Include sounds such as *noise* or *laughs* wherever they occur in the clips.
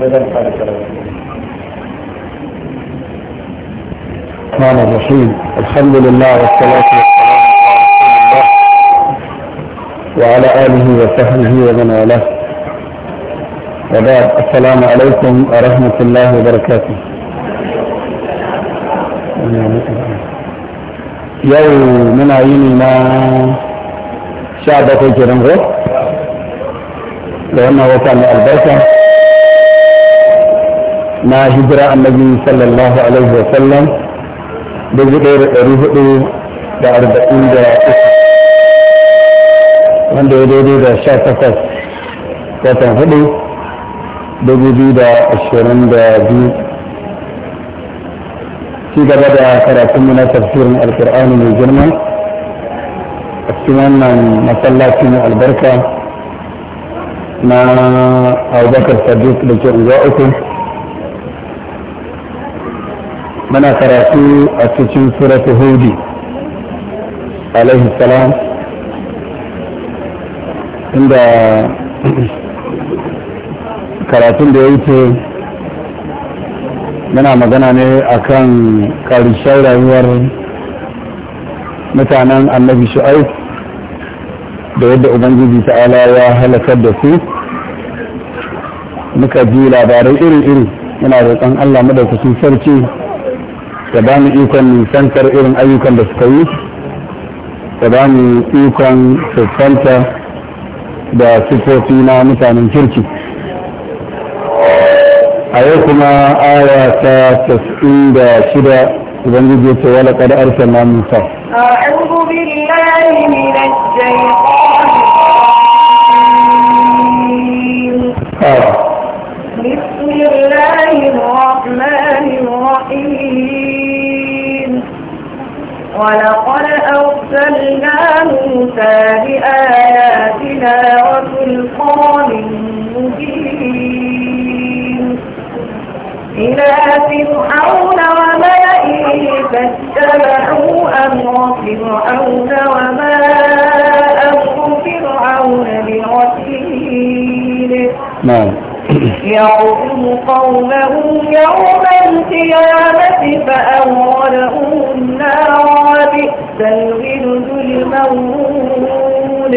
الرحمن الرحيم الحمد لله والصلاة والسلام على رسول الله وعلى آله وصحبه ومن والاه وبعد السلام عليكم ورحمة الله وبركاته يوم من عيننا شعبك الجرنغو لأنه كان البركة na hijira annabi sallallahu alaihi wa sallam dubu ɗaya da ɗari hudu da arba'in da uku wanda ya daidai da sha takwas watan hudu dubu biyu da ashirin da biyu ci gaba da karatunmu na tafsirin alkur'ani mai girma a cikin wannan masallaci na albarka na abubakar sadiq da ke unguwa uku muna karatu a cikin suratu hudi alaihi salam inda karatun da ya wuce muna magana ne akan karshen rayuwar mutanen annabi shu'aib da yadda ubangiji ta'ala ya halakar da su muka ji labarai iri-iri muna roƙon allah cikin sarki ka ba mu ikon nisantar irin ayyukan da suka yi ka ba mu ikon siffanta da sifofi na mutanen kirki a yau kuma aya ta 96 ubangiji ya ce wala kada arsalna musa بسم الله الرحمن الرحيم ولقد أرسلنا موسى بآياتنا وسلطان مبين إلى فرعون وملئه فاتبعوا أمر فرعون وما أمر فرعون برسيله نعم يعظم قومه يوم القيامة فأورهم النار وبئس الغلد المولود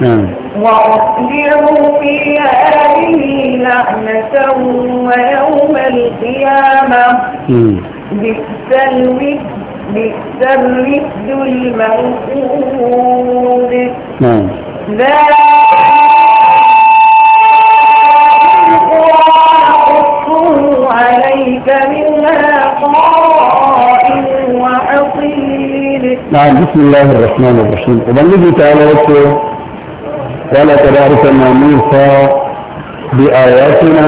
نعم. وأصبروا في هذه لعنة ويوم القيامة بئس بئس الرفد المنقود نعم. ذلك نعم بسم الله الرحمن الرحيم وبلغي تعالى ولا قال تباركنا موسى بآياتنا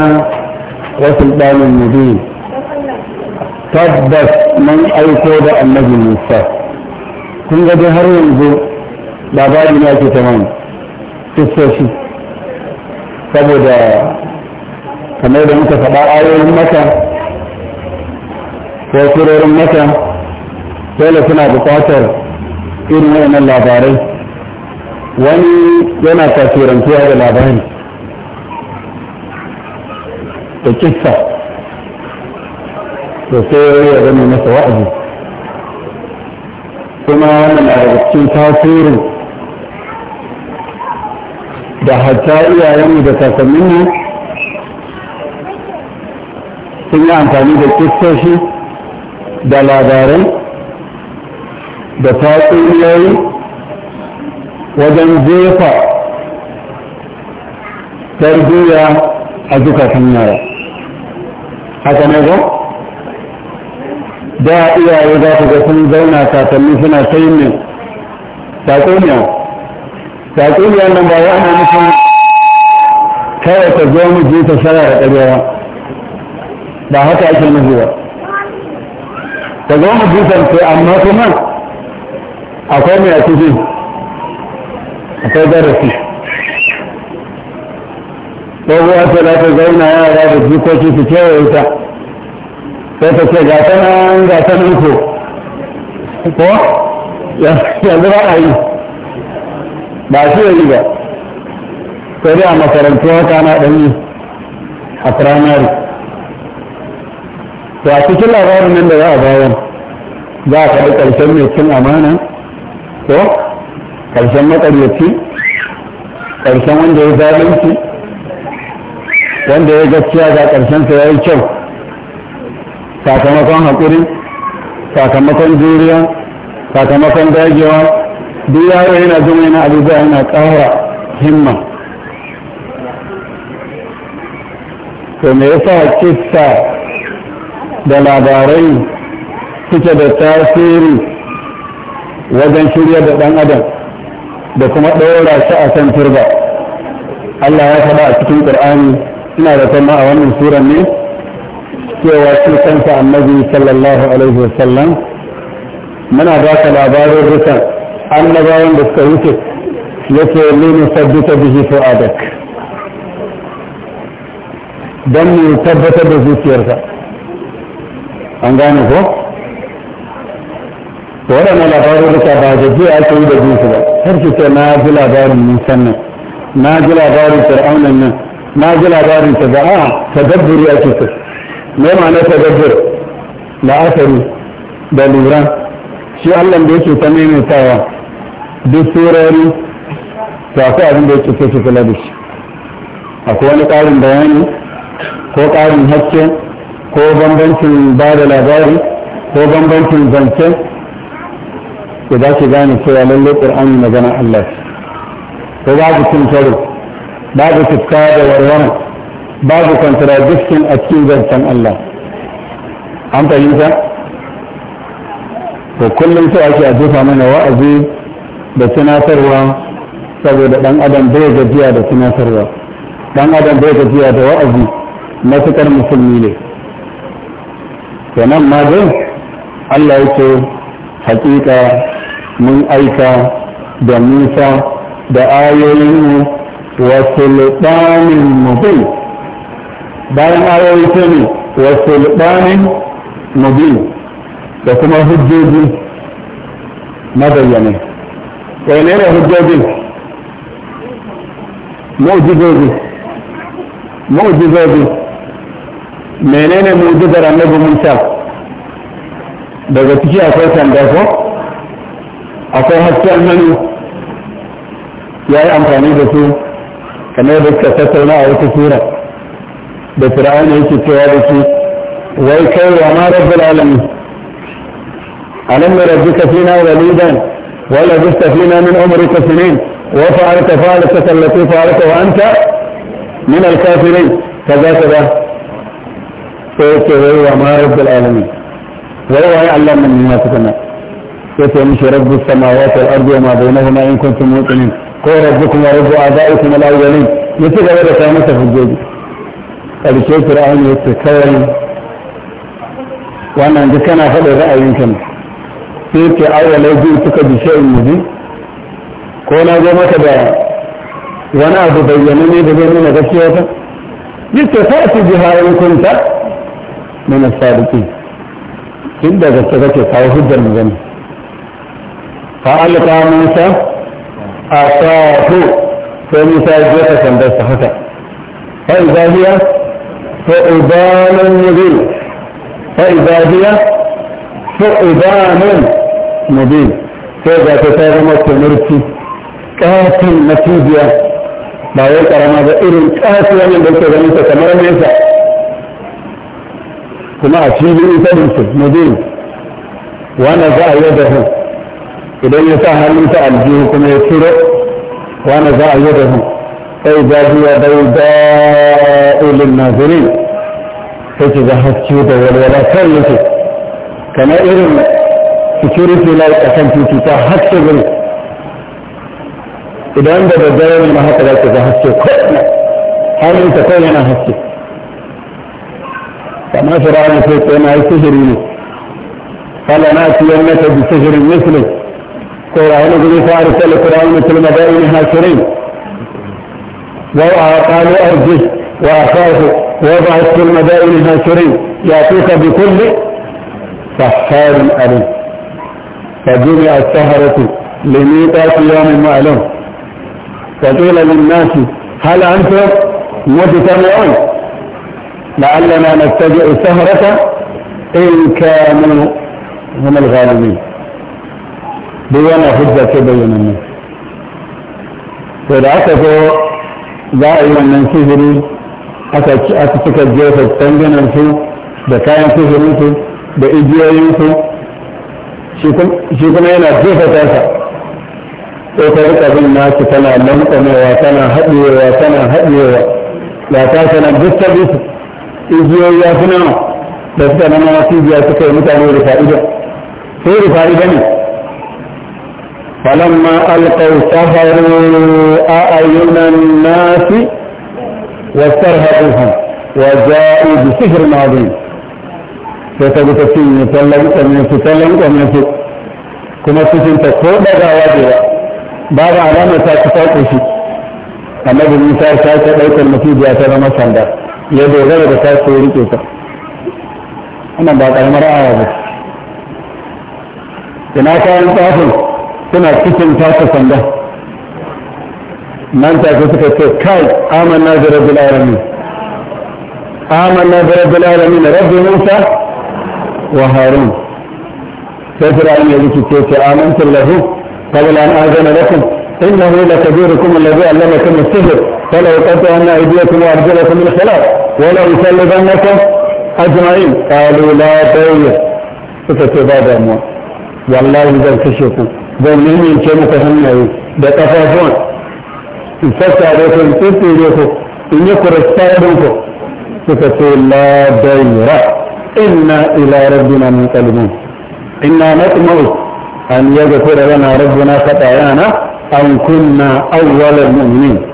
وسلطان المبين تبت من أيقود النبي موسى كن قد هرون ذو بابا بناك تمام تستشف تبدأ kamar da muka faɗa ayoyin maka ko surorin maka dole suna buƙatar irin wayannan labarai wani yana tasirantuwa da labari da kissa da sai ya zama masa wa'azi kuma wannan na daga cikin tasirin da hatta iyayenmu da kakanninmu sun yi amfani da kistoshi da labarai da tatsuniyoyi wajen jefa tarbiyya a zukatan yara haka ne ba da iyaye za ku ga sun zauna kafin suna sai ne tatsuniya tatsuniya nan ba ya ana nufin kawai ta zo mu ji ta shara da ɗarewa ba haka ake nufi ba ta zama hadisan ce amma kuma akwai mai a cikin akwai darasi ɗaguwa ta za ta zauna yara da jikoki su kewaye ta sai ta ce ga ta nan ga ta nan ko ko yanzu ba a yi ba shi ya yi ba sai dai a makarantu haka na ɗanyi a firamare to a cikin labarin nan da za a bayan za a faɗi ƙarshen mai cin amana ko ƙarshen maƙaryaci ƙarshen wanda ya zalunci wanda ya gaskiya ga ƙarshen sa ya yi kyau sakamakon haƙuri sakamakon juriya sakamakon dagewa duk yaro yana jin yana abubuwa yana ƙara himma to me yasa kissa da labarai suke da tasiri wajen shirya da ɗan adam da kuma ɗora shi a kan turba Allah ya faɗa a cikin ƙur'ani ina da kuma a wannan suran ne cewa shi kansa annabi sallallahu alaihi wasallam muna ba ka labarin rukan annabawan da suka wuce yake lini sabbita bihi adak dan mu tabbatar da zuciyarsa an gane ko waɗannan labarin da ba da jiya ake yi da jinsu ba har ki ce na ji labarin nisan nan na ji labarin fir'aunan nan na ji labarin ta za'a tadabburi ake so me ma'ana tadabbur la'asari da lura shi Allah da yake ta maimaitawa duk surori ta akwai abin da yake so ki kula da shi akwai wani ƙarin bayani ko ƙarin haske ko bambancin ba da labari ko bambancin zance da za ki gane cewa lalle ƙur'ani magana Allah ko babu cin babu tufka da warwara babu contradiction a cikin zancen Allah an fahimta to kullum sai ake ajefa mana wa'azi da tunatarwa saboda dan adam bai gajiya da tunatarwa dan adam bai gajiya da wa'azi matukar musulmi ne kenan ma dai Allah yake hakika mun aika da Musa da ayoyin wa sulbanin mubin bayan ayoyi ta ne wa sulbanin mubin da kuma hujjoji mabayyane wai ne da hujjoji mu'jizoji mu'jizoji menene mujizar annabi Musa daga ciki akwai sanda ko akwai hasken hannu ya yi amfani da su kamar da suka tattauna a wata sura da fir'auna yake cewa da su wai kai wa ma rabbul alamin alam fi na walidan wala bista na min ka sinin wa fa'alta fa'alta allati fa'alta wa anta min al-kafirin kaza kaza sai ce wai wa ma rabbul alamin wai wa Allah nan ne masa kana sai ce mishi rabbus samawati wal ardi wa ma bainahuma in kuntum muqinin ko rabbukum wa rabbu abaikum al awwalin yace gaba da kai masa hujjoji karshe fir'aun ya ce kawai wannan duk kana faɗa ra'ayin kan sai ce awwalai ji suka bi shay'in mubin ko na zo maka da wani abu bayyana ne da zai nuna gaskiya ta yace fa'ati biha in kunta من الصادقين إن ده جسدك يقعوا هجا من جنة فألقى آه موسى أصاه فموسى كان بس حتى فإذا هي فأبان مبين فإذا هي فأبان مبين فإذا تتاغمت مرسي كافي نتيجة ba wai karama ba irin من da ke ganin سمعت شيء يقول تمسك مدين وانا زع يده اذا يتاه هل انت الجيه كما يتفره وانا زع يده اي جاجي بيضاء للناظرين فتي ذهت شوطة والولا كلك كما ارم سكوريتي لا يتكن في تتا حق شغل اذا انت بجرم ما هكذا تذهت شوطة هل انت كوينا حق شوطة فما فرعون قال ما في فلنأتينك بسجر مثله فرعون بن فارس لفرعون مثل مدائن هاشرين وقالوا أرجه وأخاه وضعت في المدائن هاشرين يأتيك بكل سحار أليم فجمع السهرة لميقات يوم معلوم فقيل للناس هل أنتم مجتمعون لعلنا نتبع السهرة إن كانوا هم الغالبين بينا حجة بينا الناس فالعكس دائما من سهري أتسك الجوف التنجن الفو بكاين سهري الفو بإجياء الفو شكما هنا جوف تاسع وفرق بالناس كما لنقم وكما هدي وكما هدي لا تاسنا بستبسك igiyoyi ya fi nawa da suka zama wasu biya suka yi mutane da fa'ida sai da fa'ida ne falamma alqaw saharu a ayyunan nasi wa sarhaquhum wa ja'u bi sihrin azim sai ta guta cin ne tallan kwamin su tallan kwamin su kuma cikin ta ko dagawa ce ba babu alamar ta ta kushi annabi musa ta ta daukar mutum ta zama sanda ya dogara da tashi ya rike ta wannan ba karamar aya ba ina kayan tsafin suna cikin tasa sanda nan take suka ce kai amanna bi rabbil alamin amanna bi rabbil na rabbi musa wa harun sai fir'aun ya rikice ce amantu lahu qabla an azana lakum innahu lakabirukum alladhi allama kuma sihir فلا يقطعن أيديكم وأرجلكم من خلاف ولا يسلبنكم أجمعين قالوا لا ضير فتتبادى أموال والله إذا كشفوا ظنهم يمكنك هنيه بتفافون الفتى عليكم تتبادى إن يكر السابنكم فتقول لا ضير إنا إلى ربنا منقلبون إنا نطمع أن يغفر لنا ربنا خطايانا أن كنا أول المؤمنين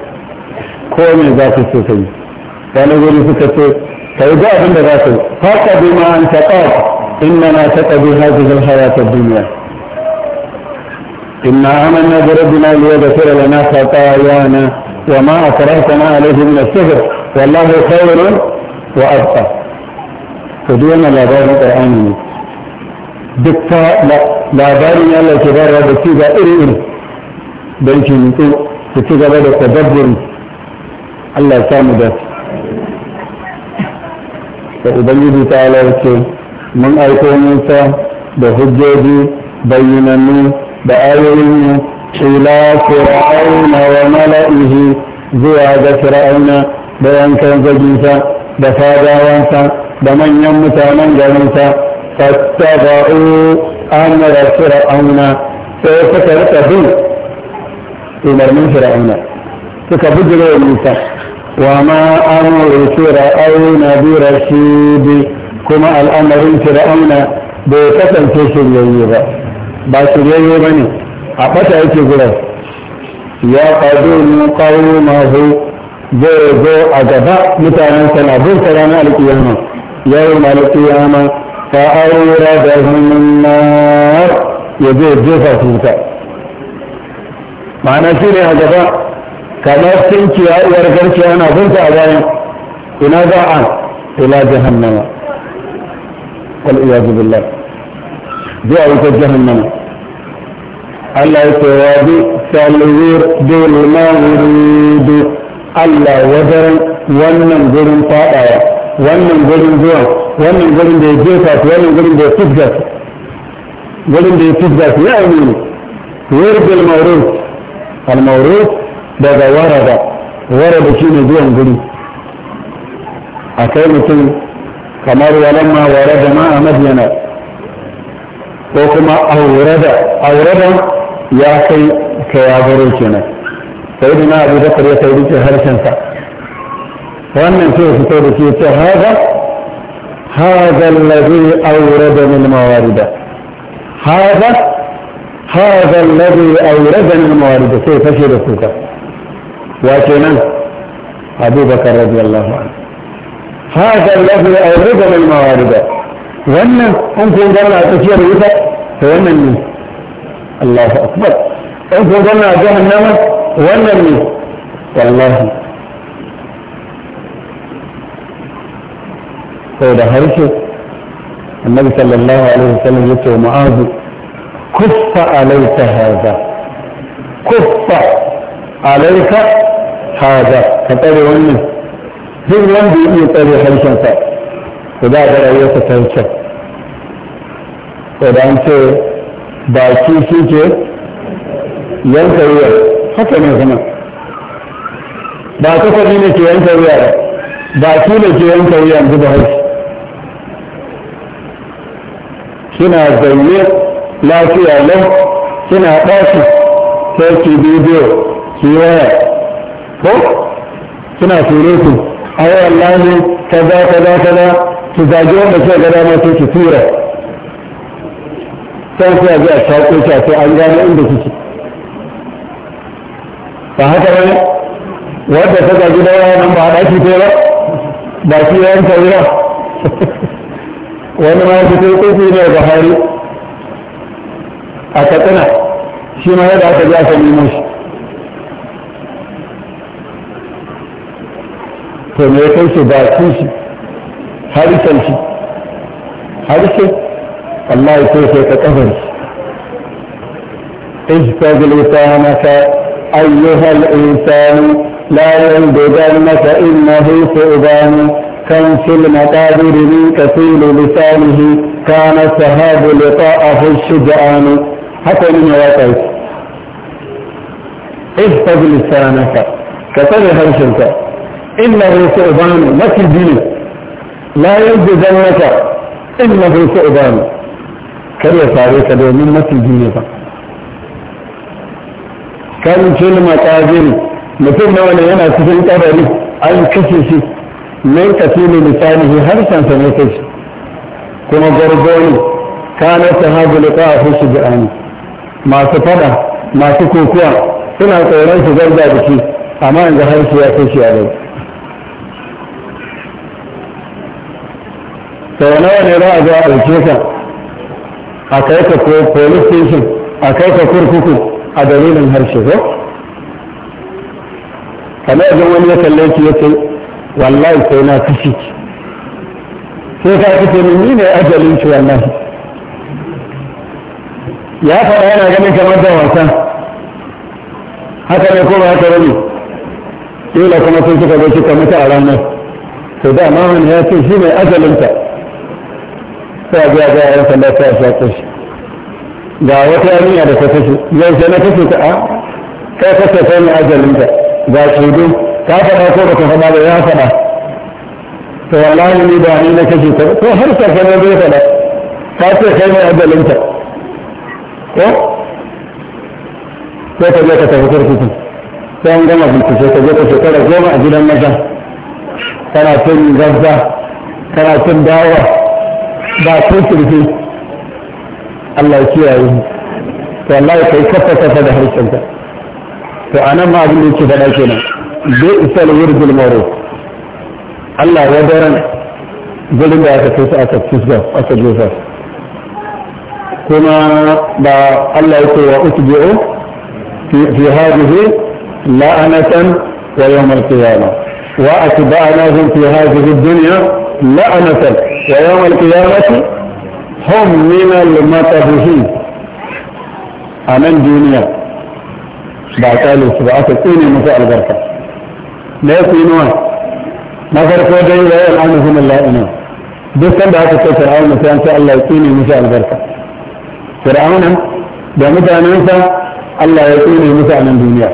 komai za su so kai wani guri suka so kai ga abin da za su faka bi ma an taqa inna ma taqabi hadhihi al-hayat ad-dunya inna amanna bi rabbina liyaghfira lana khatayana wa ma akrahtana alayhi min as-sihr wallahu khayrun wa abqa to duk wannan labarin qur'ani ne duk ta labarin Allah ke bayarwa da ci ga iri iri don ki nutsu ki ci gaba da tadabburin Allah ya samu da da ubangiji ta halarci mun aiko musa da hujjoji bayyanannu da ayoyin ila fir'auna wa mala'ihi zuwa ga fir'auna da yankan zaginsa da fadawansa da manyan mutanen garinsa fattaba'u amara fir'auna sai suka rika bin umarnin fir'auna suka bijire musa وما أمر فرعون برشيد كما الأمر فرعون بكتن تشن يجيبا باشر يجيبني أبتا يجيبا يقدم قومه جوجو أجبا متانا سنبور سلام القيامة يوم القيامة فأوردهم النار يجيب جيفا سلطة معنى سيري أجباء kamar tunkiya uwar garke ana bunta a bayan ina za a ila jahannama wal iyazu billah zuwa wutar jahannama Allah ya ce wa bi salwir bil mawrid Allah wadaran wannan gurin fadawa wannan gurin zuwa wannan gurin da ya jefa wannan gurin da ya fusga gurin da ya fusga ya amini wirbil mawrid al mawrid daga warada da shi ne zuwan guri a kai mutum kamar walamma warada ma a madiyana ko kuma aurada aurada ya kai ka ya baro kenan sai da na abu da kare sai rike harshensa wannan sai fito da ke ce haza haza allazi aurada min mawarida haza haza allazi aurada min mawarida sai fashe da kuka وكنا أبو بكر رضي الله عنه هذا الذي أورده من الموارد وأن أنت إن قلنا أتسير ريسا وأن الله أكبر أنت إن قلنا أتسير النمى والله فهذا هرش النبي صلى الله عليه وسلم يتوى معاذ كف عليك هذا كف alaika haza ka tsare wannan duk wanda ya iya tsare harshensa to za ga rayuwarsa ta kyau to da an ce baki shi ke yanka ruwa haka ne kuma ba kasafi ne ke yanka ruwa ba baki ne ke yanka ruwa yanzu da harshe Suna zaune lafiya lau suna ɗaki sai ki bidiyo su yi waya ko suna surutu ai wallahi kaza kaza kaza su zagi wanda suka ga dama sai su tura sai su yaji a shaƙo shi sai an gano inda suke ba haka ba ne wanda ta zagi da waya nan ba haɗa shi ta ba ba shi yayin ta ba wani ma ya fito kofi ne buhari a katsina shi ma yadda aka ji aka nemo shi to me ya kai shi bakin shi harshen shi harshe Allah ya kai shi ka kafar shi ishtagil lisanaka ayyuha al-insan la yanbudannaka innahu su'ban كم في المقابر من كثير لسانه كان السهاب لقاءه الشجعان حتى من يواقعك احفظ لسانك كتب هرشنك إنه ثعبان مكي بيه لا يجدنك إنه ثعبان kar ya sare ka domin maciji ne ba kan cin makajin mutum na wani yana cikin kabari an kashe shi nan ka fi misali harshen sa ne kai kuma gwargwani kana ta hagu da kawo fi masu fada masu kokuwa suna tsoron su garga amma harshe ya sau nawa ne za a zo a ɗauke ka a kai ka police station a kai ka kurkuku a dalilin harshe ko kamar idan wani ya kalle ki ya ce wallahi sai na kashi ki sai ka kace min ni ne ajalin ki wallahi ya faɗa yana ganin kamar da wasa haka ne ko ba haka bane kila kuma sun suka zo kika mutu a ranar to da ma wani ya ce shi ne ajalinta sai ga ga yan sanda sai a shaƙe shi ga wata yarinya da ta kashe yau sai na kashe ta a kai kashe kai ne ajalinta ga shaidu ka faɗa ko ba ka faɗa ba ya faɗa to wallahi ni ba ni na kashe ta ko har ta kai zai faɗa ka ce kai ne ajalinta ko sai ka je ka tafi kurkuku sai an gama bincike ka je ka shekara goma a gidan maza kana cin gazza kana cin dawa ba ko kirfi Allah ya kiyaye mu to Allah ya kai kafa kafa da harshen ka to anan ma abin da yake faɗa kenan bai isa da wurdul maro Allah ya daren gurin da aka kai su aka fusga aka jefa kuma ba Allah ya ce wa utbi'u fi hadhihi la'anatan wa yawm al-qiyamah wa atba'nahum fi hadhihi ad-dunya لعنة ويوم القيامة هم من المتبهين أنا الدنيا بعتالي سبعة تقيني مساء Na لا يقينوا ما فرقوا دي لا يلعنهم اللائنون duk sanda aka ce fir'auna sai an ce Allah ya tsine musu albarka fir'auna da mutanensa Allah ya tsine musu a nan duniya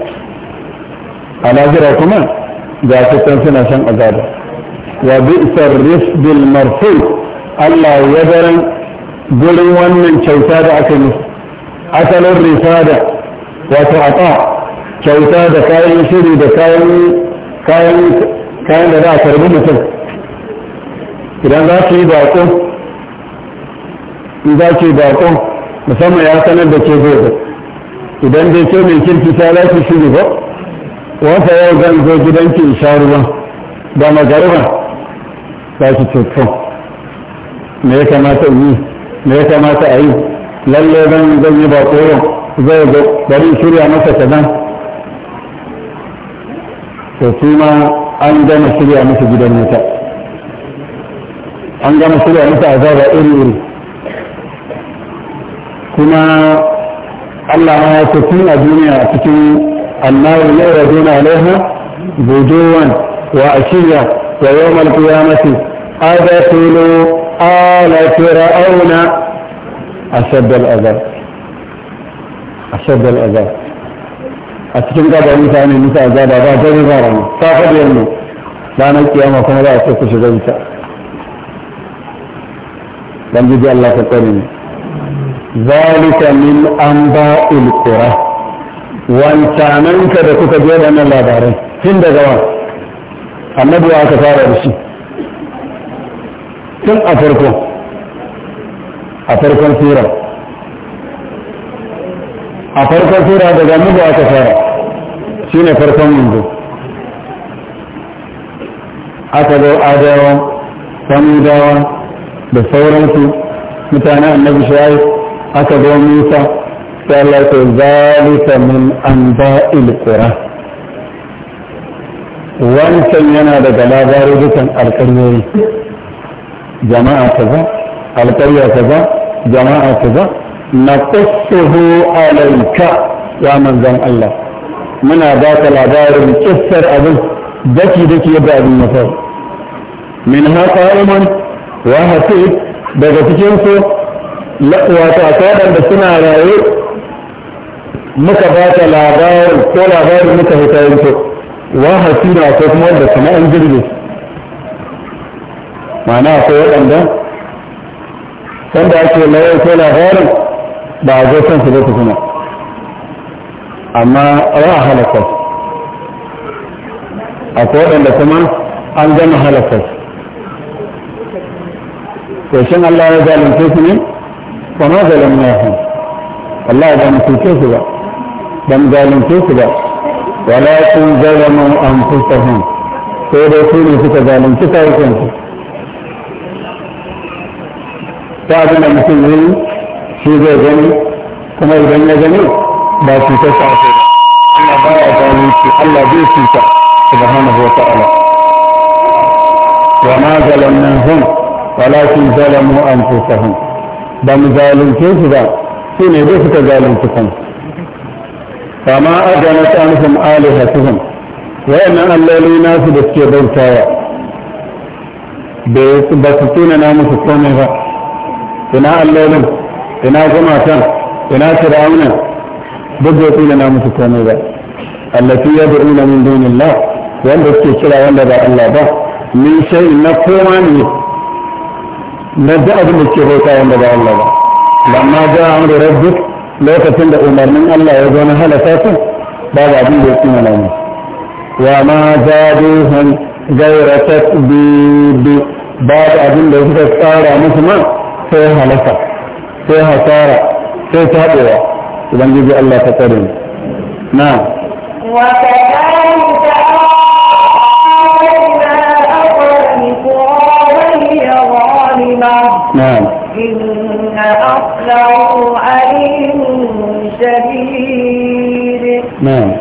a lahira kuma ga su suna shan azaba wa bi'sar rifdil marfu Allah ya daren gurin wannan kyauta da aka yi asalin risada wato ata kyauta da kayan shiri da kayan kayan a karbi mutum idan za su yi bako musamman ya sanar da ke zai idan dai ke mai kirki ta za ki shiri ba wata yau zan zo gidanki in sha ruwa da magariba za ki ce to me ya kamata yi me ya kamata a yi lalle zan zan yi ba koyon zai zo bari shirya masa kadan to su ma an gama shirya masa gidan wuta an gama shirya masa azaba iri iri kuma Allah ya ce tun a duniya cikin annabi ya rajuna alaiha bujuwan wa ashiya ويوم القيامة أدخلوا آل فرعون أشد الأذى أشد الأذى أتكلم قبل موسى عن موسى أذاب أذاب جري غارنا فاقد يلمو لا نكي أما كما لا أتكلم شغلتا لم يجي الله تقولني ذلك من أنباء القرى وانتعننك دكتب يدنا الله بارك هند جواب annabi ya aka fara da shi tun a farko a farkon sura a farkon sura daga annabi aka fara shi ne farkon yanzu aka zo adawa samudawa da sauransu mutane annabi shayi aka zo musa sai Allah ya ce zalika min anba'il qura wancan yana daga labarurukan alƙaryoyi jama'a kaza alƙarya kaza jama'a kaza na qassuhu alayka ya manzon Allah muna ba ka labarin kissar abin daki daki yadda abin ya faru min haka iman wa hasib daga cikin su wato akadan da suna raye muka ba ka labarin ko labarin muka hutayen su wa hasira ko kuma wanda kuma an girbe ma'ana akwai waɗanda wanda ake layar ko labarin ba a zo kansu ba kuma amma ra a ko waɗanda kuma an gama halakar to shin Allah ya zalunce su ne kuma zalimna Allah ya zalunce su ba ban zalunce su ba ولكن ظلموا انفسهم سيدي سيدي في تظالم كتاب كنت بعد ما نسيني سيدي غني كما يبني غني لا تنسى سعفيرا إن ولكن ظلموا انفسهم بم كيف ذا سيدي في تظالم كتاب كنت fama adana ta anhum alihatuhum wayannan alloli nasu da suke bautawa ba su tuna na musu komai ba ina allolin ina gumatan ina fir'aunan duk bai tuna na musu komai ba allati yad'una min dunillah wanda suke kira wanda ba Allah ba min shay na koma ne na da abin da suke bauta wanda ba Allah ba lamma ja'a amru rabbi. lokacin da umarnin Allah ya zo na halaka su ba abin da ya tsina na ne wa ma zaduhum gaira ba babu abin da suka tsara musu ma sai halaka sai hasara sai tabewa ubangiji Allah ta tsare mu na wa نعم إن أصله عليم شديد نعم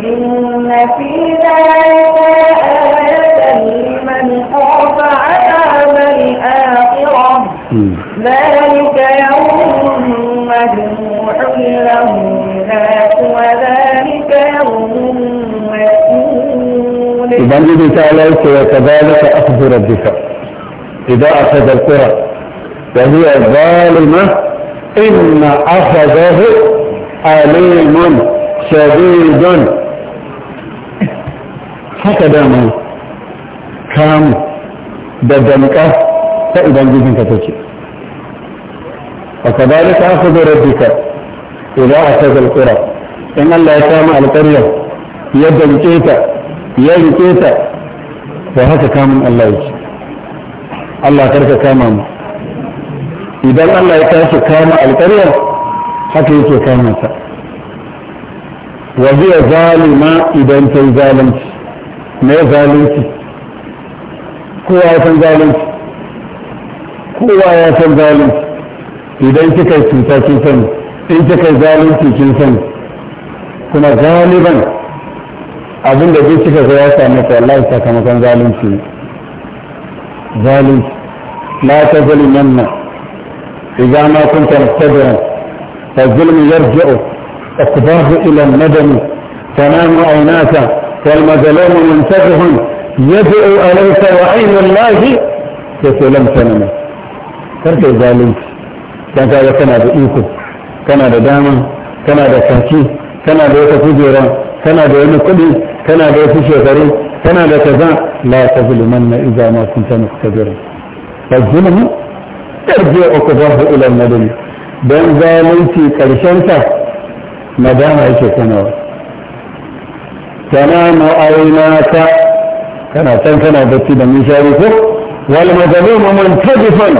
إن في ذلك آية لمن خاف عذاب الآخرة ذلك يوم مجموع له الناس وذلك يوم مسؤول إذا تعالى وكذلك أخذ ربك إذا أخذ القرى وهي ظالمة إن أخذه alimun shadidun haka dama kamu da danka ta ubangijinka take وكذلك أخذ ربك إذا أخذ القرى إن الله كام القرية يد كيتا يد كيتا وهكا كام الله يجي الله كرك كام إذا الله يكاش كام القرية haka yake kamata waje ya hiya zalima idan ta yi zalunci mai zalunci kowa ya san zalunci kowa ya san zalunci idan kika cuta kin sani in kika zalunci kin sani kuma galiban abin da zai kika ga ya same ka wallahi sakamakon zalunci ne zalunci la ta zalimanna idan ma kunta mustadiran فالظلم يرجع اقباه الى الندم تنام عيناك فالمظلوم منتفه يدعو اليك وعين الله لم تنم ترجع ظالم كان كذا كان بايكو كان بداما كان بكاكي كان بيت كجيرا كان بين كدي كان بيت شيخري كان بكذا لا تظلمن اذا ما كنت مقتدرا فالظلم يرجع اقباه الى الندم don zalunci ƙarshenta madama yake kana ma aina ta kana san kana bacci da mishari ko wal man muntajifan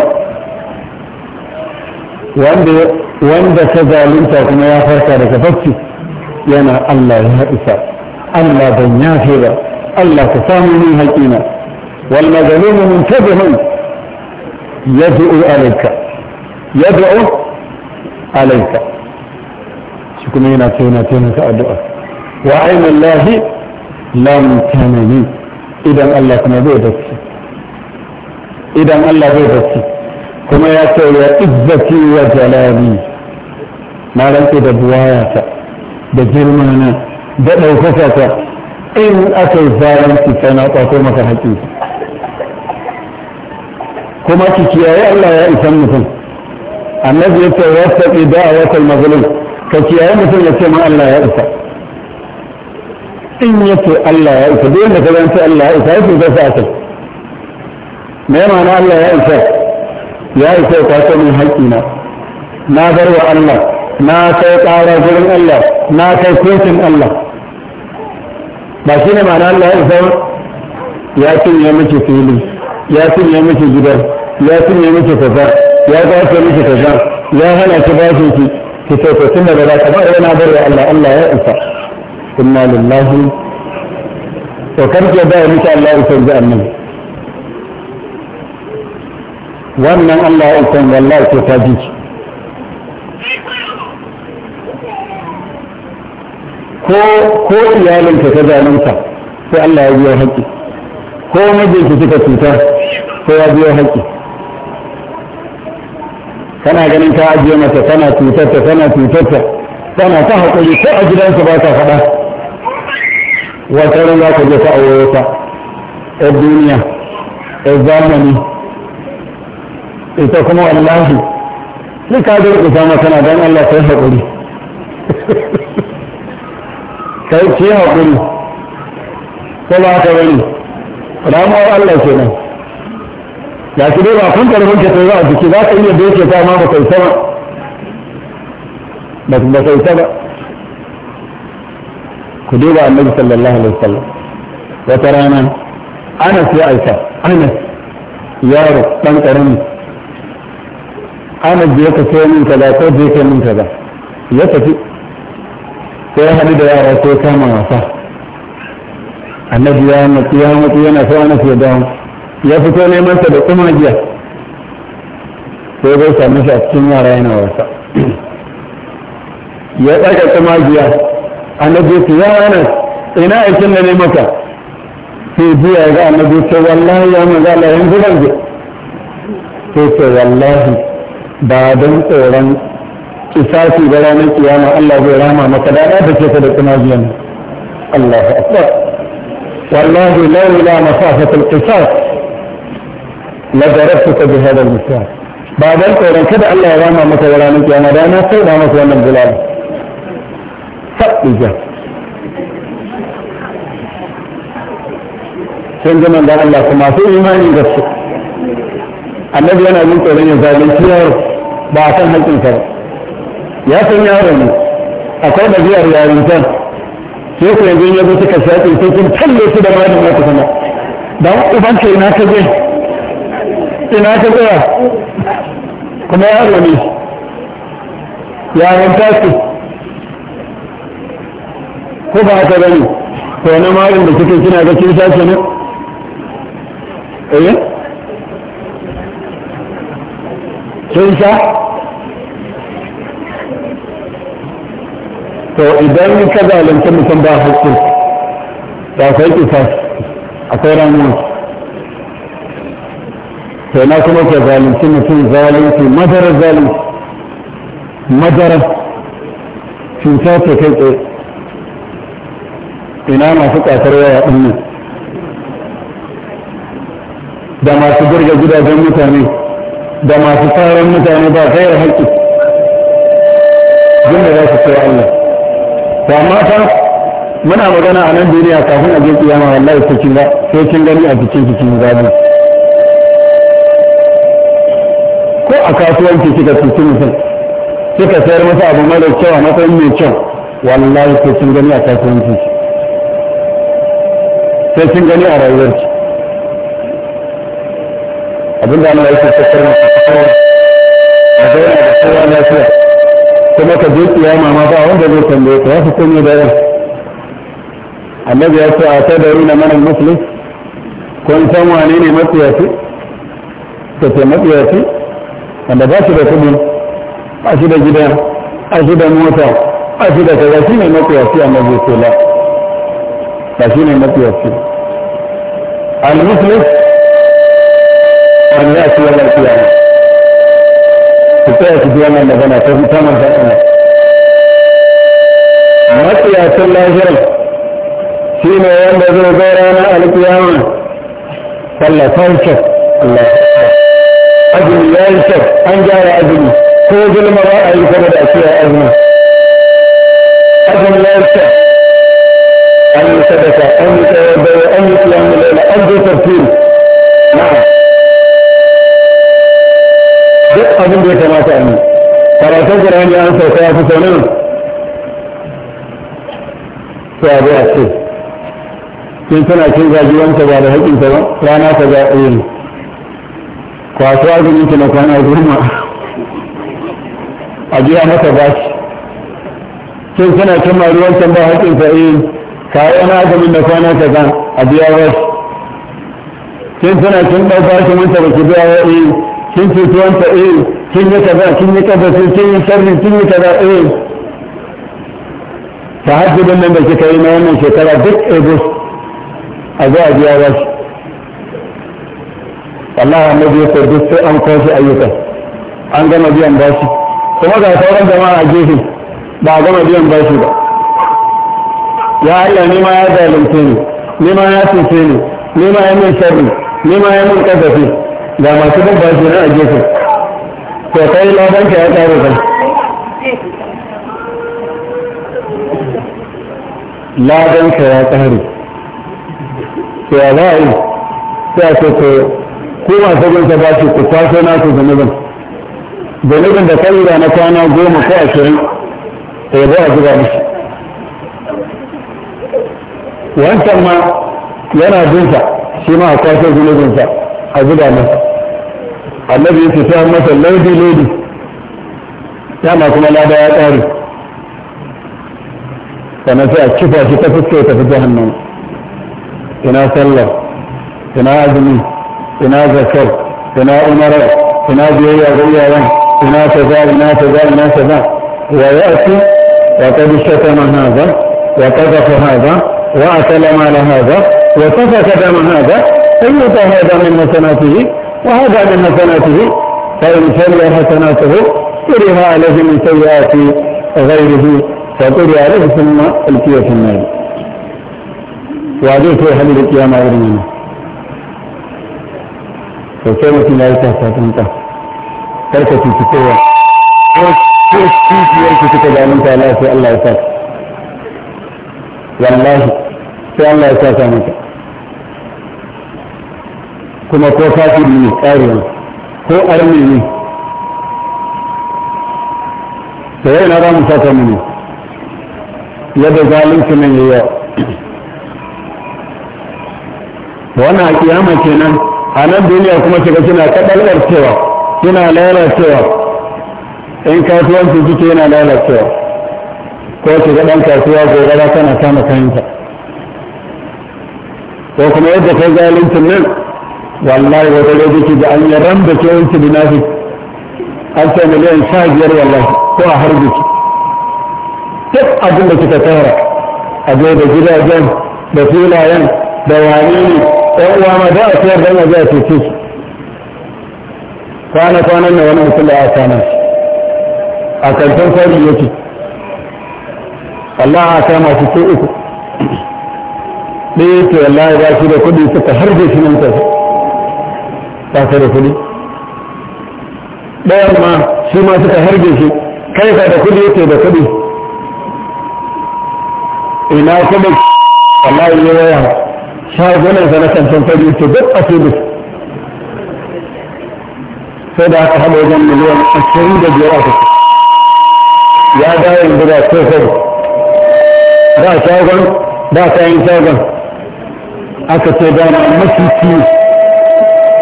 wanda wanda ka zalunta kuma ya farka daga bacci yana Allah ya isa Allah ban ya ba Allah ka samu min haƙina wal man muntajifan yad'u alayka yad'u alaika shi kuma yana ce yana ce masa addu'a wa ainihin lahi lam tanani idan Allah kuma zai bacci idan Allah zai bacci kuma ya ce ya izzati wa jalali na rantsi da buwayata da girmana da ɗaukaka ta in aka yi zalunci sai na kwato maka haƙƙi kuma ki kiyaye Allah ya isan mutum annabi ya ce wata ida a wasu mazulun ka kiyaye mutum ya ce ma Allah ya isa in ya ce Allah ya isa duk da ka zan ce Allah ya isa ya ce zai sa me ma'ana Allah ya isa ya isa ya kwaso min haƙƙina na bar wa Allah na kai ƙara gurin Allah na kai kotun Allah ba shi ne ma'ana Allah ya isa ya cinye miki fili ya cinye miki gidan ya cinye miki fasa ya kwace miki kaza ya hana ki bashin ki ki ce ko tunda ba za ka ba yana bar wa Allah Allah ya isa inna lillahi to kar ke ba miki Allah ya isa ji annabi wannan Allah ya isa wallahi ko ta ji ko ko iyalinka ta zalunta sai Allah ya biya haƙƙi ko mijinki kika cuta sai ya biya haƙƙi kana ganin ka ajiye mata tana cutarta tana cutarta tana ta haƙuri ko a gidansu ba ta faɗa wata ran za ka je ka aure ta ɗan duniya ɗan zamani ita kuma wallahi sai ka ga ita ma tana dan Allah kai haƙuri *laughs* kai ki haƙuri ko ba ka bane ramuwar Allah kenan ya shi dai ba kun karfin ka sai za a jiki za ka iya doke ta ma ba kai sama ba kai sama ku duba annabi sallallahu alaihi wasallam wata rana anas ya aika anas yaro dan karami anas je ka sai min kaza ko je ka min kaza ya tafi sai hadu da yara sai kama wasa annabi ya mutu ya mutu yana so anas ya dawo ya fito neman ta da kuma jiya sai bai sami shi a cikin yara yana wasa ya tsaka kuma jiya annabi ya yana ina aikin da ne maka sai biya ga annabi ce wallahi ya maza Allah yanzu zan je sai ce wallahi ba don tsoron kisasi ba ranar kiyama Allah zai rama maka da da ke da kuma biyan Allah akbar wallahi laula masafatul qisas لدرستك بهذا المسار بعد ذلك وران كده الله رامى متى ورانك يا مدانا سيدا مسوانا الجلال فأيجا كان زمان دان الله كما في إيمان يدرسك أنا أقول تولين يزالين كيار باعتان هل أقول بزيار يا ina ta tsaya kuma yaro ne yaron tashi ko ba haka gani to wani malin da kike kina ga kin tashi ne eh kin sha to idan ka zalunta mutum ba haƙƙi ba sai ki tashi akwai ramuwa sai na kuma ke zalunci mutum zalunci madarar zalunci madarar cuta ta kai tsaye ina masu ƙasar waya ɗin nan da masu burga gidajen mutane da masu tsaron mutane ba da haƙƙi jin da za su ce Allah ba mata muna magana a nan duniya kafin a je kiyama wallahi sai kin gani a cikin cikin zalunci a kasuwanci suka cikin mutum Suka sayar masa abu mara kyau a matsayin mai kyau wallahi sai sun gani a kasuwanci sai sun gani a rayuwar ki abin da Allah yake tsakar masa kawai a zauna da kowa lafiya kuma ka je kiyama ma ba wanda zai tambaye ka ya fi komai da yawa annabi ya ce a ta da rina mana musulun kun san wane ne matsiyaci ta ce matsiyaci wanda ba shi da kudi ba shi da gida ba shi da mota ba shi da kaza shi ne mafiyaci a mazuwa ba shi ne mafiyaci al-muslim wanda ya ci wannan kiyama ku tsaya ku ji wannan magana ta fi samun ta Allah mafiyacin lahirar shi ne wanda zai zo ranar alkiyama sallah sanchez Allah azumi ya yi kyau an gyara azumi ko gulma ba a yi saboda a cewa azumi azumi ya yi kyau an yi sadaka an yi tsayar bayan an yi tsayar laila an zo tafsiri na'am duk abin da ya kamata a yi karatun qur'ani an sauka ya fi sau nan to abu a ce kin tana kin zagi wanka ba da haƙƙinta ba rana ta za a yi kwasu azumin ki na kwana goma a biya masa bashi sun suna cin ruwan can ba haƙƙin sa eh kayi wani azumin da kwana kaza a biya bashi sun suna cin ɗau bashi mun ta baki biya wa yi eh, kin ci tuwon ta eh kin yi kaza kin yi kaza kin yi sharri kin yi kaza eh tahajjudin nan da kika yi na wannan shekara duk ebo a zuwa biya bashi wallahi annabi ya duk sai an kwashi ayyukan an gama biyan bashi kuma ga sauran jama'a a gefe ba a gama biyan bashi ba ya Allah ni ma ya zalunce ni ni ma ya cuce ni ni ma ya min sharri ni ma ya min kasafi ga masu bin bashi na a gefe to kai labanka ya tsare kan labanka ya tsare to ya za'a yi sai a ce ko ba sabon ta ba ce ku faso na ku zanubin zanubin da kan na kwana goma ko ashirin da yabo a zuba mishi wancan ma yana binsa shi ma a kwaso zunubinsa a zuba masa annabi yake ta masa lodi lodi dama kuma lada ya ƙare sannan sai a kifa shi ta fuska ta fi jahannama ina sallah ina azumi بنا ذكر بنا امراء بنا بيئة بيئة بنا بنا كذا بنا كذا بنا ويأتي وقد شتم هذا وقذف هذا وأكل مال هذا وسفك دم هذا إن هذا من حسناته وهذا من حسناته فإن سلي حسناته كرها عليه من سيئات غيره فكر عليه ثم ألقيه في النار وعليه في حديث يا معلمين to sai mutum ya yi tasatunta karka titi kowa ko titi ya ki kika ganin ta Allah sai Allah ya sa wallahi sai Allah ya sa maka kuma ko kafiri ne tsari ne ko armi ne to yau na ramu sa mu ne yadda zalunci nan yi yau wannan a kiyama kenan a nan duniya kuma shiga kina ta cewa suna lalacewa in kasuwanci kike yana lalacewa ko shiga ɗan kasuwa gobe gobara tana kama kanta ko kuma yadda kai zaluncin nan wallahi wata lokaci da an yi ran da ke wanki binafi an ce miliyan sha biyar wallahi ko a harbi duk abin da kika tara a da gidajen da filayen da wani ne ɗan uwa ma za a siyar don a zai cece shi kwana kwanan na wani mutum da aka kama shi a kantin kwari yake Allah a kama su ce uku ɗaya ce Allah ya ba shi da kuɗi suka harbe shi nan tafi ba ka da kuɗi ɗayan ma shi ma suka harbe shi kai ka da kuɗi yake da kuɗi ina kuma Allah ya waya shagunan sa na kancan fari su duk a su sai da aka haɗa wajen miliyan ashirin da biyar a kusa ya dawo yanzu da ko fari da shagon da kayan shagon aka ce da mafi ciwo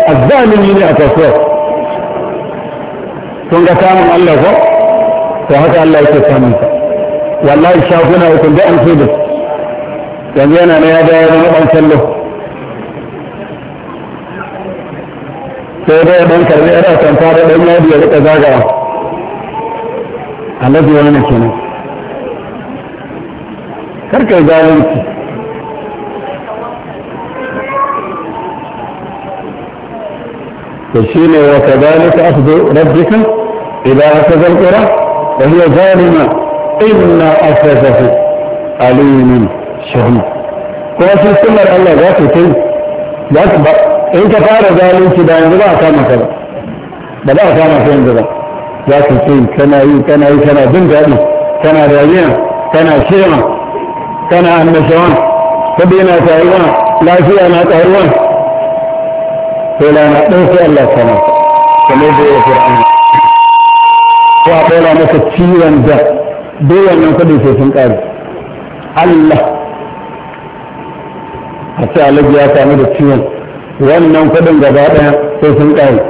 a zamani ne a kasuwar kun ga samun Allah ko to haka Allah yake samun ka wallahi shaguna hukun da an sai da su تنجينا نيادة يدن يقن سلو سيدة يبن كربيرا تنفار الدنيا دي يلقى زاقا على ديوانا كنا كركا زاقا فشيني وكذلك أخذ ربك إذا أخذ القرى وهي ظالمة إن أخذه عليم shahid ko su Allah za su kai ba in ka fara zalunci da yanzu ba a kama ka ba ba za a kama ka yanzu ba za su kai kana yi kana yi kana jin daɗi kana dariya kana shema kana annashawa ka daina taruwa lafiya na taruwa sai Allah kamar da ya ko a ciwon da duk wannan kuɗin sai sun Allah a ce alaji ya sami da ciwon wannan kudin gaba ɗaya sai sun ƙare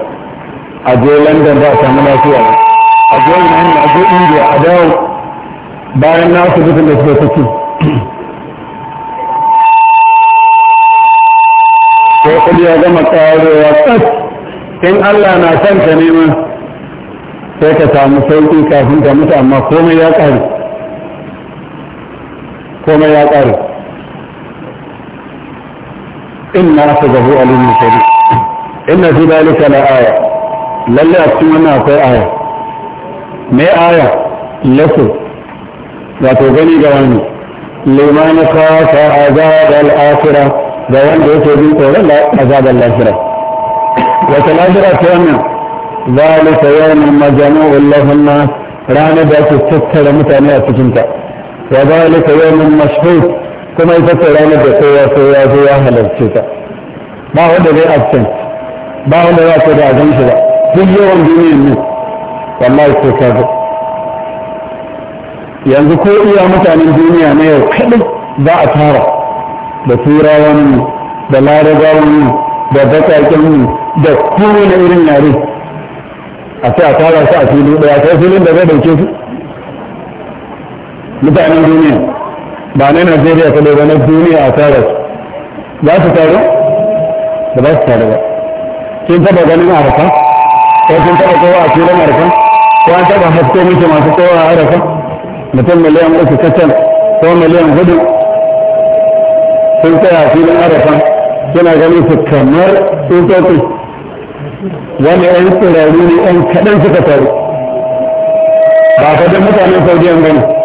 a je london ba a samu lafiya ba a je yunani a je india a dawo bayan na su dukkan da suka kaci ko kudi ya gama ƙarewa tas in allah na son ka nema sai ka samu sauƙi kafin ka mutu amma komai ya ƙare komai ya ƙare إن رفضه أليم شديد إن في ذلك لآية للي أكتمنا في آية ما آية لسه وتغني جواني لما نخاف عذاب الآخرة جوان جوسي بن قولا عذاب الآخرة وتلاجرة كوانا ذلك يوم مجموع الله الناس رانبات بأس الستة لمتانية تجنتا وذلك يوم مشهود kuma ita ce ranar da kowa sai ya zo ya halarce ta ba wanda zai absent ba wanda za ta da a shi ba duk yawan duniyar ne wallahi sai ka zo yanzu ko iya mutanen duniya na yau kaɗai za a tara da turawan da larabawan da bakaken da kowane irin yare a ce a tara su a fili ɗaya sai filin da zai dauke su mutanen duniya ba na najeriya kadai ba na duniya a tara su za su taro da ba su taro ba kin taba ganin arafa ko kin taba kowa a filin arafa ko an taba hasko miki masu kowa a arafa mutum miliyan uku kacal ko miliyan hudu sun tsaya a filin arafa kina ganin su kamar tsotsotsi wani yan tsirari ne yan kaɗan suka taru ba ka mutanen saudiyan gani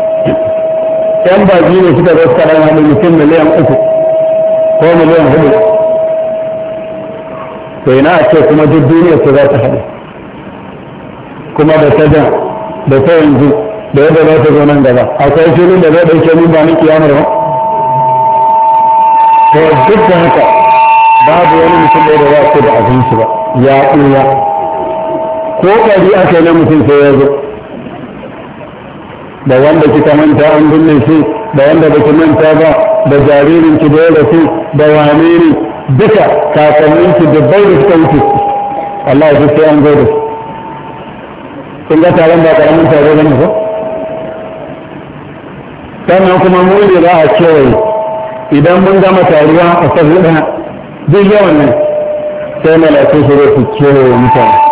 yan baji ne suka zo suka rana da mutum miliyan uku ko miliyan hudu to ina a ce kuma duk duniya ce za ta haɗu kuma da ta jan da ta yanzu da yadda za ta zo nan gaba akwai filin da zai ɗauke min ba ni kiyamar ba to duk da haka babu wani mutum da za ku da abinci ba ya ɓuya ko ɗari aka yi na mutum sai ya zo da wanda kika manta an binne shi da wanda baki manta ba da jaririn ki da ya rasu da wane ne duka kakannin ki da bai da sauki Allah ya sai an gode kun ga taron ba karamin taro bane ba sannan kuma mu ne za a kewaye idan mun gama taruwa a sabu ɗaya duk yawan nan sai malakai su zai su kewaye mutane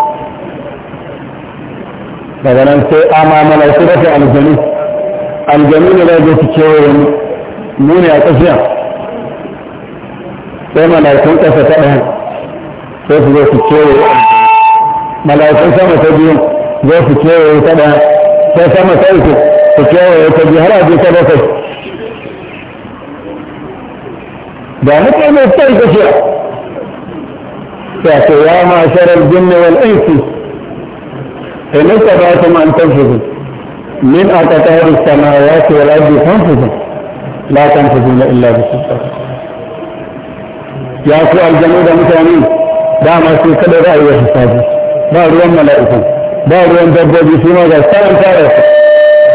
daga nan sai ama mana su dafa aljanu aljanu ne da zai kewaye mu ne a ƙashiya sai mala'ikun ƙasa ta ɗaya sai su zai su kewaye mala'ikun sama ta biyu zai su kewaye ta ɗaya sai sama ta uku su kewaye ta biyu har a je ta bakwai da mutane su ta yi ƙashiya sai a ce ya ma sharar jinni wal aiki إن استطعتم أن تنفذوا من أقطار السماوات والأرض فانفذوا لا تنفذون إلا بسلطان يا ku aljanu da mutane dama su kada za a yi wasu sabu ba ruwan mala'iku ba ruwan dabbobi su ma ga tsarin tara su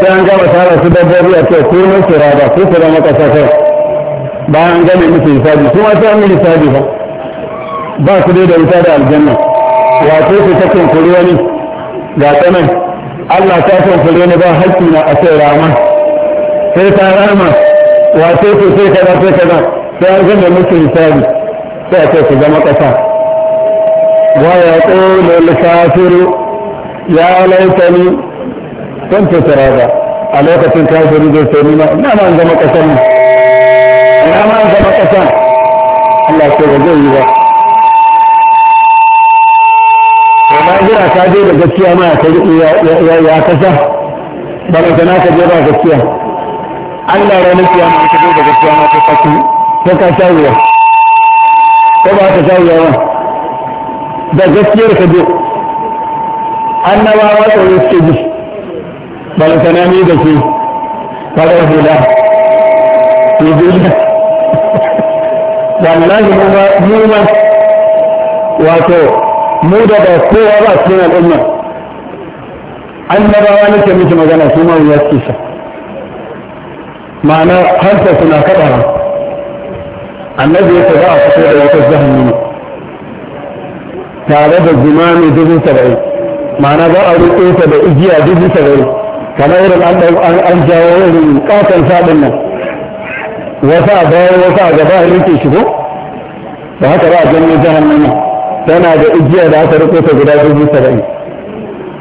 sai an gama tara su dabbobi a ce ku mun su rada ku su rama kasasar bayan an gane musu hisabi su yi ba ba su da wuta da su wani ga ta Allah ta san ni ba haƙƙi na a sai rama sai ta rama wace ce sai kaza sai kaza sai an gama muke misali sai a ce ku zama ƙasa wa ya ƙolo lissafiru ya laitani kan ce ba a lokacin kafiri zai sai nuna ina ma an zama ƙasa ne ina ma an zama ƙasa Allah ce ba zai yi ba lahira ka je da gaskiya ma ya kasa ba barata na ka je ba gaskiya Allah ranar kiyama ka je da gaskiya ma ta kasu ta ka sha ruwa ko ba ka sha ruwa ba da gaskiyar ka je annabawa tsoro suke ji barata na ni da shi ba ke fara hula ke duniya wallahi mu ma wato mu da ba kowa ba cikin al'umma annabawa ke miki magana su ma ya ce sha ma'ana hanta suna kaɗa annabi ya za a fito da wata jahannama tare da zimami dubu saba'in ma'ana za a riƙe ta da igiya dubu saba'in kamar irin an jawo irin ƙaton saɗin nan wasa a bayan wasa a gaba a riƙe shi ko ba haka ba a ganin jahannama tana da igiya da aka riko ta guda dubu saba'in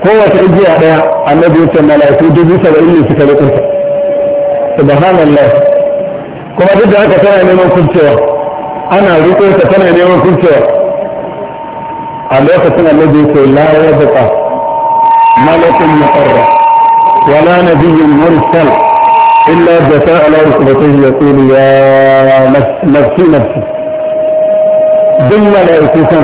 kowace igiya ɗaya annabi yace mala'iku dubu saba'in ne suka riko ta subhanallah kuma duk da haka tana neman kurcewa ana riko ta tana neman kurcewa a lokacin annabi yace la yabqa malakun muqarrab wala nabiyyun mursal illa da إلا جاء على ركبتيه يقول ya نفسي نفسي duk mala'iku san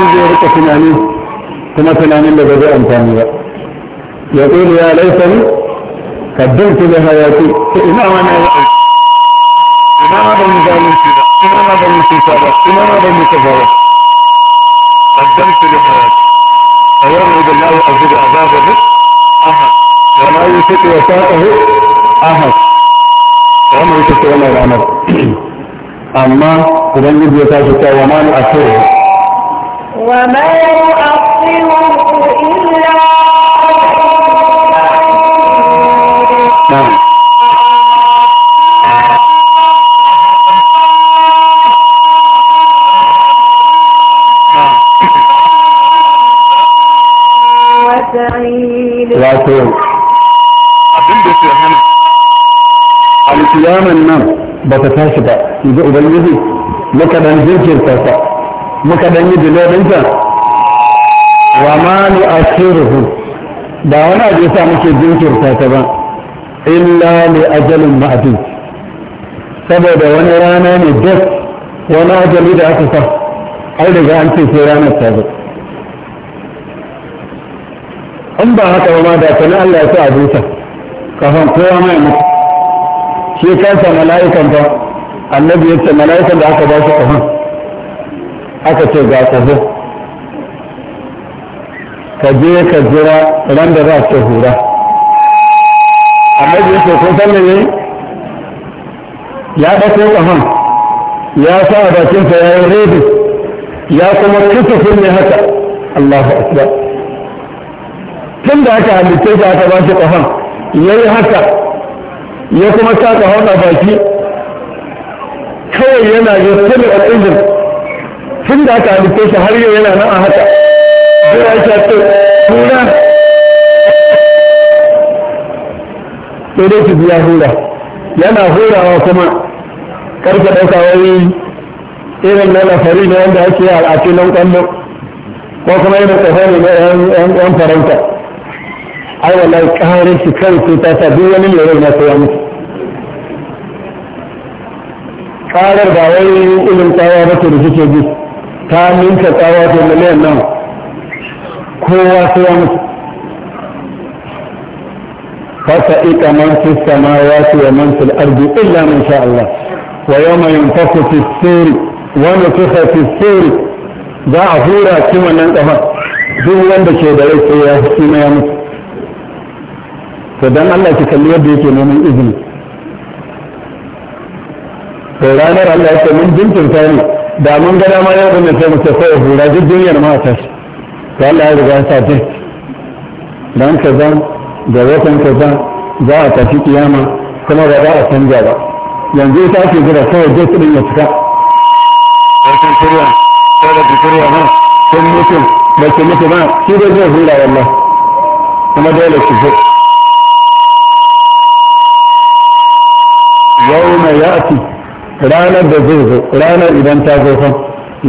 mutum zai rika tunani kuma tunanin da ba zai amfani ba ya ƙulu ya laifari kaddin su da hayati ta ina wani ya aiki ina ma ban zalunci ba ina ma ban mutunta ba ina ma ban mutunta ba kaddin su da hayati a yau da lawa a zuba azabar ahad وما يوثق وثاقه أحد وما يوثق ولا الأمر أما أبنجد يتاجك وما نؤثره وما يؤخره إلا نعم wato abin da ke hana alkiyaman nan ba ta tashi ba idan ubangiji muka dan jinkirta ta muka ɗan yi dilo ɗinsa wa ma nu asiruhu ba wani abu yasa muke jinkirta ta ba illa li ajalin ma'adin saboda wani rana ne duk wani ajali da aka sa ai daga an ce sai ranar ta zo in ba haka ba ma da ta ni Allah ya sa abin sa kafan kowa mai mutu shi kansa mala'ikan ba annabi yadda mala'ikan da aka ba shi kafan aka ce ga ƙaho ka je ka jira ran da za ta hura annabi yake kun san ne? ya ɗauko ƙahon ya sa a bakin ya yi rebi ya kuma kusa ne haka Allahu akbar tun da aka halitta ta aka ba shi ƙahon ya yi haka ya kuma sa ƙahon a baki kawai yana yin sami al'ijin tun da aka halitta shi har yau yana nan a haka zai ya shafi hura sai dai ki biya hura yana hurawa kuma karfe ɗauka wani irin na lafari ne wanda ake yi a filin kwallo ko kuma irin tsofa ne na yan faranta ai wallahi ƙarin shi kan su ta sa duk wani lura na koya musu ƙarar ba wai irin ya ba da suke biyu. ta ninka tsawa ta miliyan nan kowa sai ya mutu fasa ika man fi samawati wa man fil ardi illa man sha Allah wa yawma yunfaku fi suri wa nufikha fi suri za a hura kima nan kafa duk wanda ke da yake ya fi shi ya musu, to dan Allah ki kalli yadda yake neman izini to ranar Allah ya ce mun jinkirta ne da mun ga dama ya da sai muke kawai hura duk duniyar matar to Allah ya riga sa ta dan kaza da watan kaza za a tafi kiyama kuma ba za a canja ba yanzu ta ce gida kawai dai kudin ya cika watan kuriya sai da kuriya ma sun mutu ba su mutu ba shi dai zai hura wallah kuma dole su zo yau mai ya'ati ranar da zai zo ranar idan ta zo fa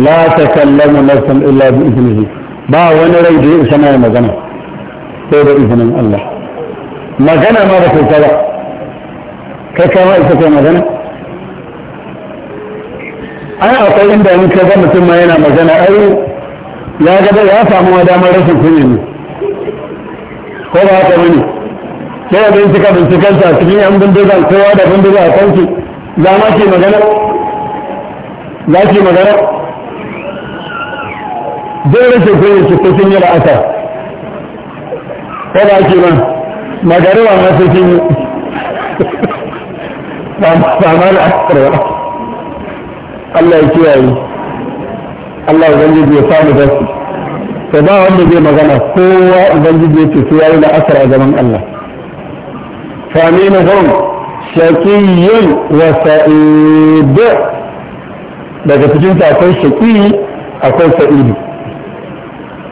la kallama nafsan illa bi iznihi ba wani rai da ya isa magana sai da izinin Allah magana ma ba ta ba kai kama isa kai magana ai akwai inda in ka ga mutum ma yana magana ai ya ga ya samu damar rashin kunya ne ko ba haka bane sai da bincikan ta cikin yan bindigan kowa da bindiga a kanki za ma ke magana za ke magana zai rashin kuma su kusin yi la'asa. ko ba ke magari magariba ma sai kin yi ba ma la'asar ba Allah ya kiyaye Allah ya zanji ya samu da su to ba wanda zai magana kowa ubangiji ya ce su yayi la'asar a zaman Allah fa aminu hum شقي وسعيد daga cikin ta akwai shaqi akwai sa'id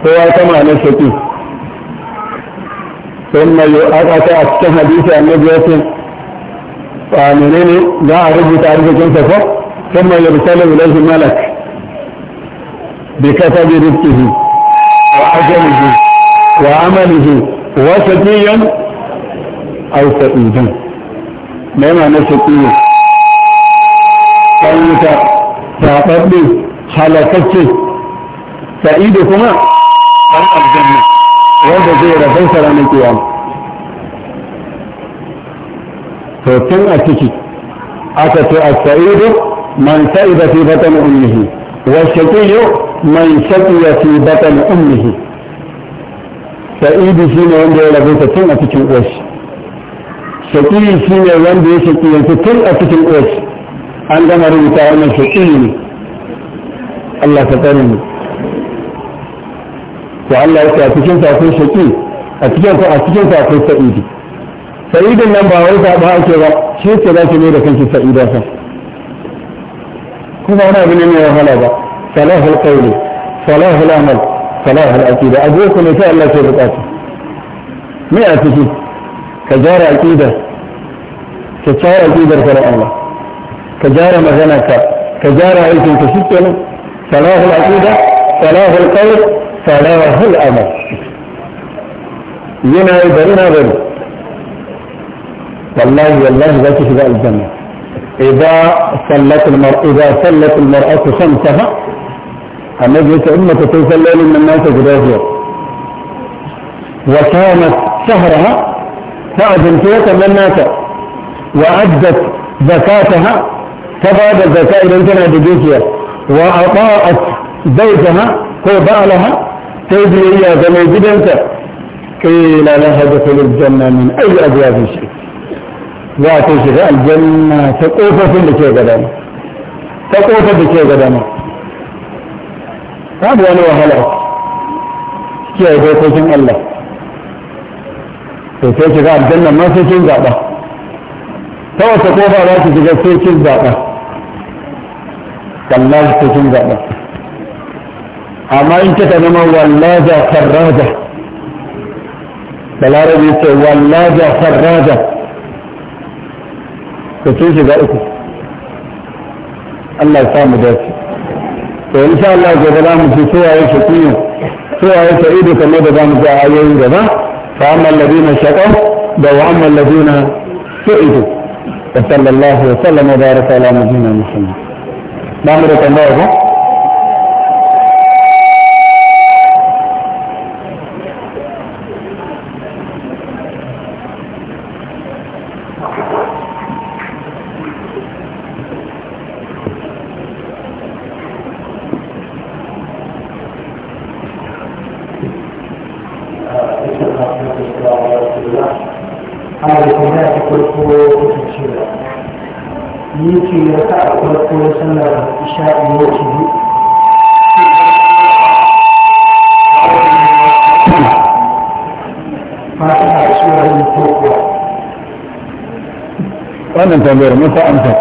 kowa ta ma'anar shaqi sannan yau aka ta a cikin hadisi annabi ya ce ba menene za a rubuta arzikin sa ko sannan ya rusala ilaihi malak bi kasabi rizqihi wa ajalihi wa amalihi wa shaqiyan aw sa'idan mai ma'anar shaƙiyu ɗan wuta zaɓaɓɓe halakacce sa'idu kuma ɗan aljanna wanda zai rabar sa ranar kiyama to tun a ciki aka ce a sa'idu man sa'ida fi batan ummihi wa shaqiyu man shaqiya fi batan ummihi sa'idu shine wanda ya rabar sa tun a cikin uwarsa shaƙi shi ne wanda ya shaƙi yanzu tun a cikin oci an gama rubuta wannan shaƙi ne Allah ta tsare ne to Allah ya ce a cikin akwai shaƙi a cikin a cikin sakon sa'idi sa'idin nan ba wai zaɓa ake ba shi ce za ki ne da kanki sa'ida sa kuma wani abu ne mai wahala ba salahul qawli salahul amal salahul aqida a ku ne sai Allah ke bukata me a cikin ka gyara aqidar ka gyara aqidar ka Allah ka gyara magana ka ka gyara aikin ka shikenan salahul aqida salahul qawl salahul amal yana yi bari na bari wallahi wallahi za ki shiga aljanna idza sallat almar idza sallat almar'atu khamsaha annabi ya ce in mace ta sallolin nan nasa guda biyar wa kanat shahraha تعزم كيف من ناتا وأدت زكاتها تبعد الزكاة إلى انتنا بجوكيا وأطاعت بيتها قوبا لها تجري إلى زمي جدنك قيل لها دخل الجنة من أي أبواب شيء لا تشغى الجنة تقوف في لكي قدامه تقوف بكي قدامه هذا أنا وهلعك كي أبوكم الله to sai shiga aljanna ma sai kin zaɓa ta wata kofa za ki shiga sai kin zaɓa wallahi sai kin zaɓa amma in kika zama wallaja farraja balarabi ce wallaja farraja to kin shiga uku Allah ya samu dace to insha Allah gobe za mu ci soyaye shakiyu soyaye sa'idu kamar da za mu ga ayoyin gaba فأما الذين شكوا وأما الذين سئلوا وصلى الله وسلم وبارك على نبينا محمد نعم رقم الضمير من فأمثل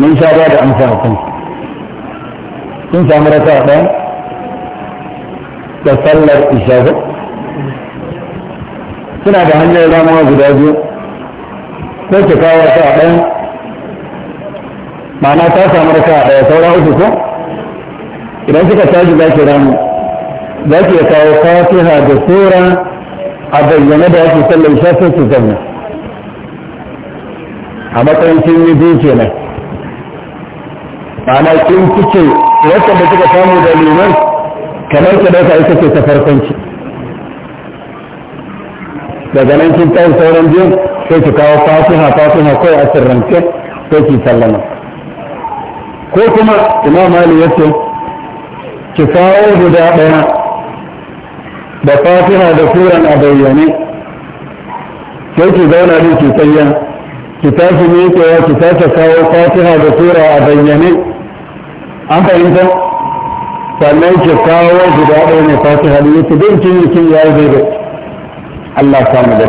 من شباب أمثالكم إن سامرة أخبان تسلل إشافة سنة بحنجة إلى موجود أجو كنت كاوة أخبان معنى تاسع مركا أخبان سولا أخبان إذا أنت كتاجي باكي رامو باكي يتاوقاتها بسورة a bayyane da yake sallar isha sai su zauna a matsayin sun yi biyu kenan ma'ana kin kike wacce da suka samu da liman kamar ki dauka ita ce ta farkon daga nan kin tsayin sauran biyu sai ki kawo fatiha fatiha kawai a sirrance sai ki sallama ko kuma imam ali yace ki kawo guda ɗaya da fatiha da suran a bayyane sai ki zauna din ki tsayya ki tashi miƙewa ki tashi kawo fatiha da sura a bayyane an fahimta sannan ki kawo guda ɗaya ne fatiha da yake din kin yi kin yayi daidai Allah ya samu da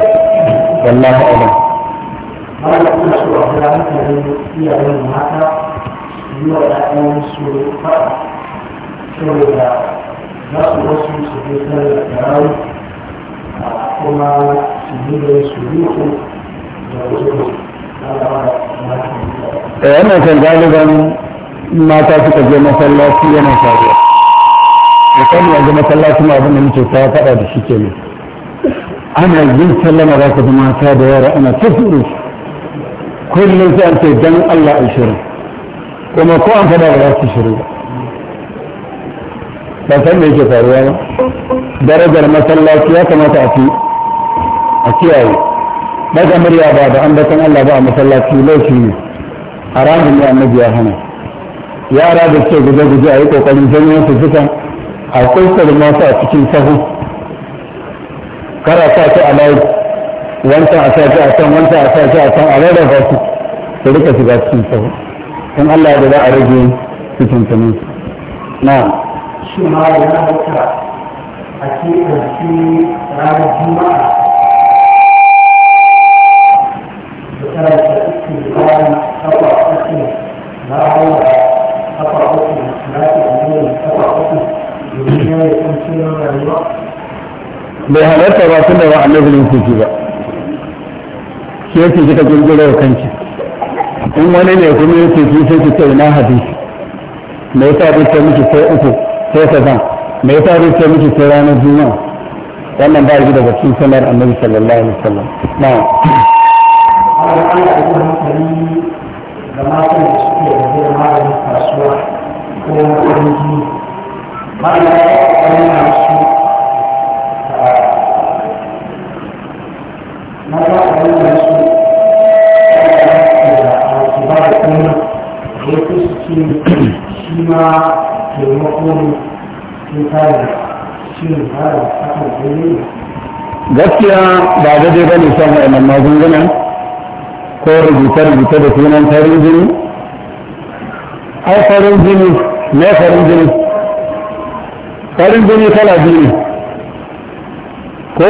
wallahi alam mata za su wasu su ke sallar tarawih kuma su yi da su yi ko da wasu da wannan kan galiban mata suka je masallaci yana faruwa musamman yanzu masallaci ma abin da muke ta faɗa da shi ke ne ana yin sallama za ka ji mata da yara ana ta suru kullum sai an ce dan Allah a shirin kuma ko an faɗa ba za su shiru ba ba san me yake faruwa ba darajar masallaci ya kamata a fi a kiyaye daga murya ba da ambaton Allah ba a masallaci laifi ne haramun ne annabi ya hana yara da suke guje-guje a yi kokarin janyo su suka a kurma masu a cikin sahu kara sa ta a wancan a sa a can wancan a sa a can a ba su su rika shiga cikin sahu in Allah da za a rage cikin su na shi ma yana haka a ke ɗauki ranar juma'a da karanta iske bayan kafa uku na haura kafa uku na ke ɗauki kafa uku domin ya yi kuncin rayuwa bai halarta ba tun da ba a nazarin kuki ba shi yake kika kirkiro kanki in wani ne kuma yake ki sai ki ce ina hadisi me yasa duk ta miki sai uku sai ka zan me yasa zai ce miki sai ranar juma'a wannan ba shi daga cikin sanar annabi sallallahu alaihi wasallam na Thank you. taimakon ba da akan gaskiya ba daidai ba ne shan wa'annan magungunan ko rubuta-rubuta da sunan farin jini ai farin jini me farin jini farin jini kala biyu ko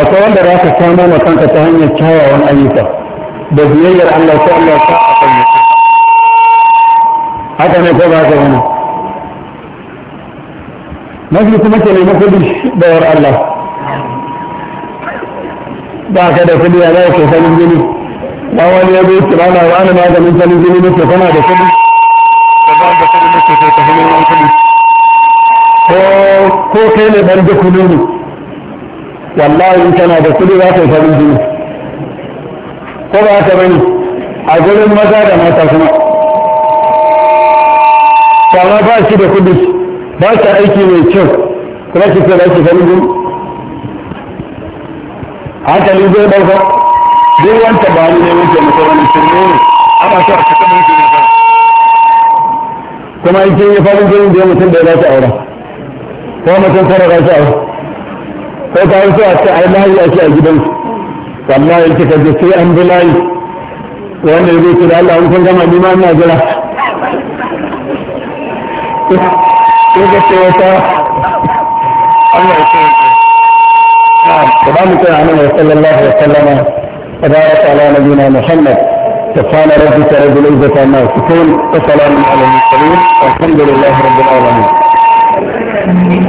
akwai wanda za ka samu kanka ta hanyar kyawawan ayyuka da biyayyar Allah ko Allah ta a kan haka ne ko ba haka wani mafi kuma ke nemi kudi dawar Allah ba ka da kudi a zai shekarun jini ba wani ya bai kira na wani maganin sanin jini ne ke da kudi da ba da kudi ne ke ta hanyar wani kudi ko kai ne ban da kudi ne wallahi kana da kudi za ka yi farin jini ko ba ka bane a gurin maza da mata kuma kama ba shi da kudi ba shi aiki mai kyau kuma shi sai ki gani gun hankali zai ɗauka duk wanta ba ni ne muke masa wani shirme ne ana so a kasa mun ne fa kuma in kin yi farin jinin da mutum da ya za aura ko mutum kada za ta aura ko ta yi so a ce ai layi ake a gidan su wallahi kika je sai an bi layi wanda ya zo da Allah an kun gama ni ma ina jira sai ce wata صلى الله وسلم وبارك على نبينا محمد سبحان ربك رب العزة عما يصفون وسلام على المرسلين والحمد لله رب العالمين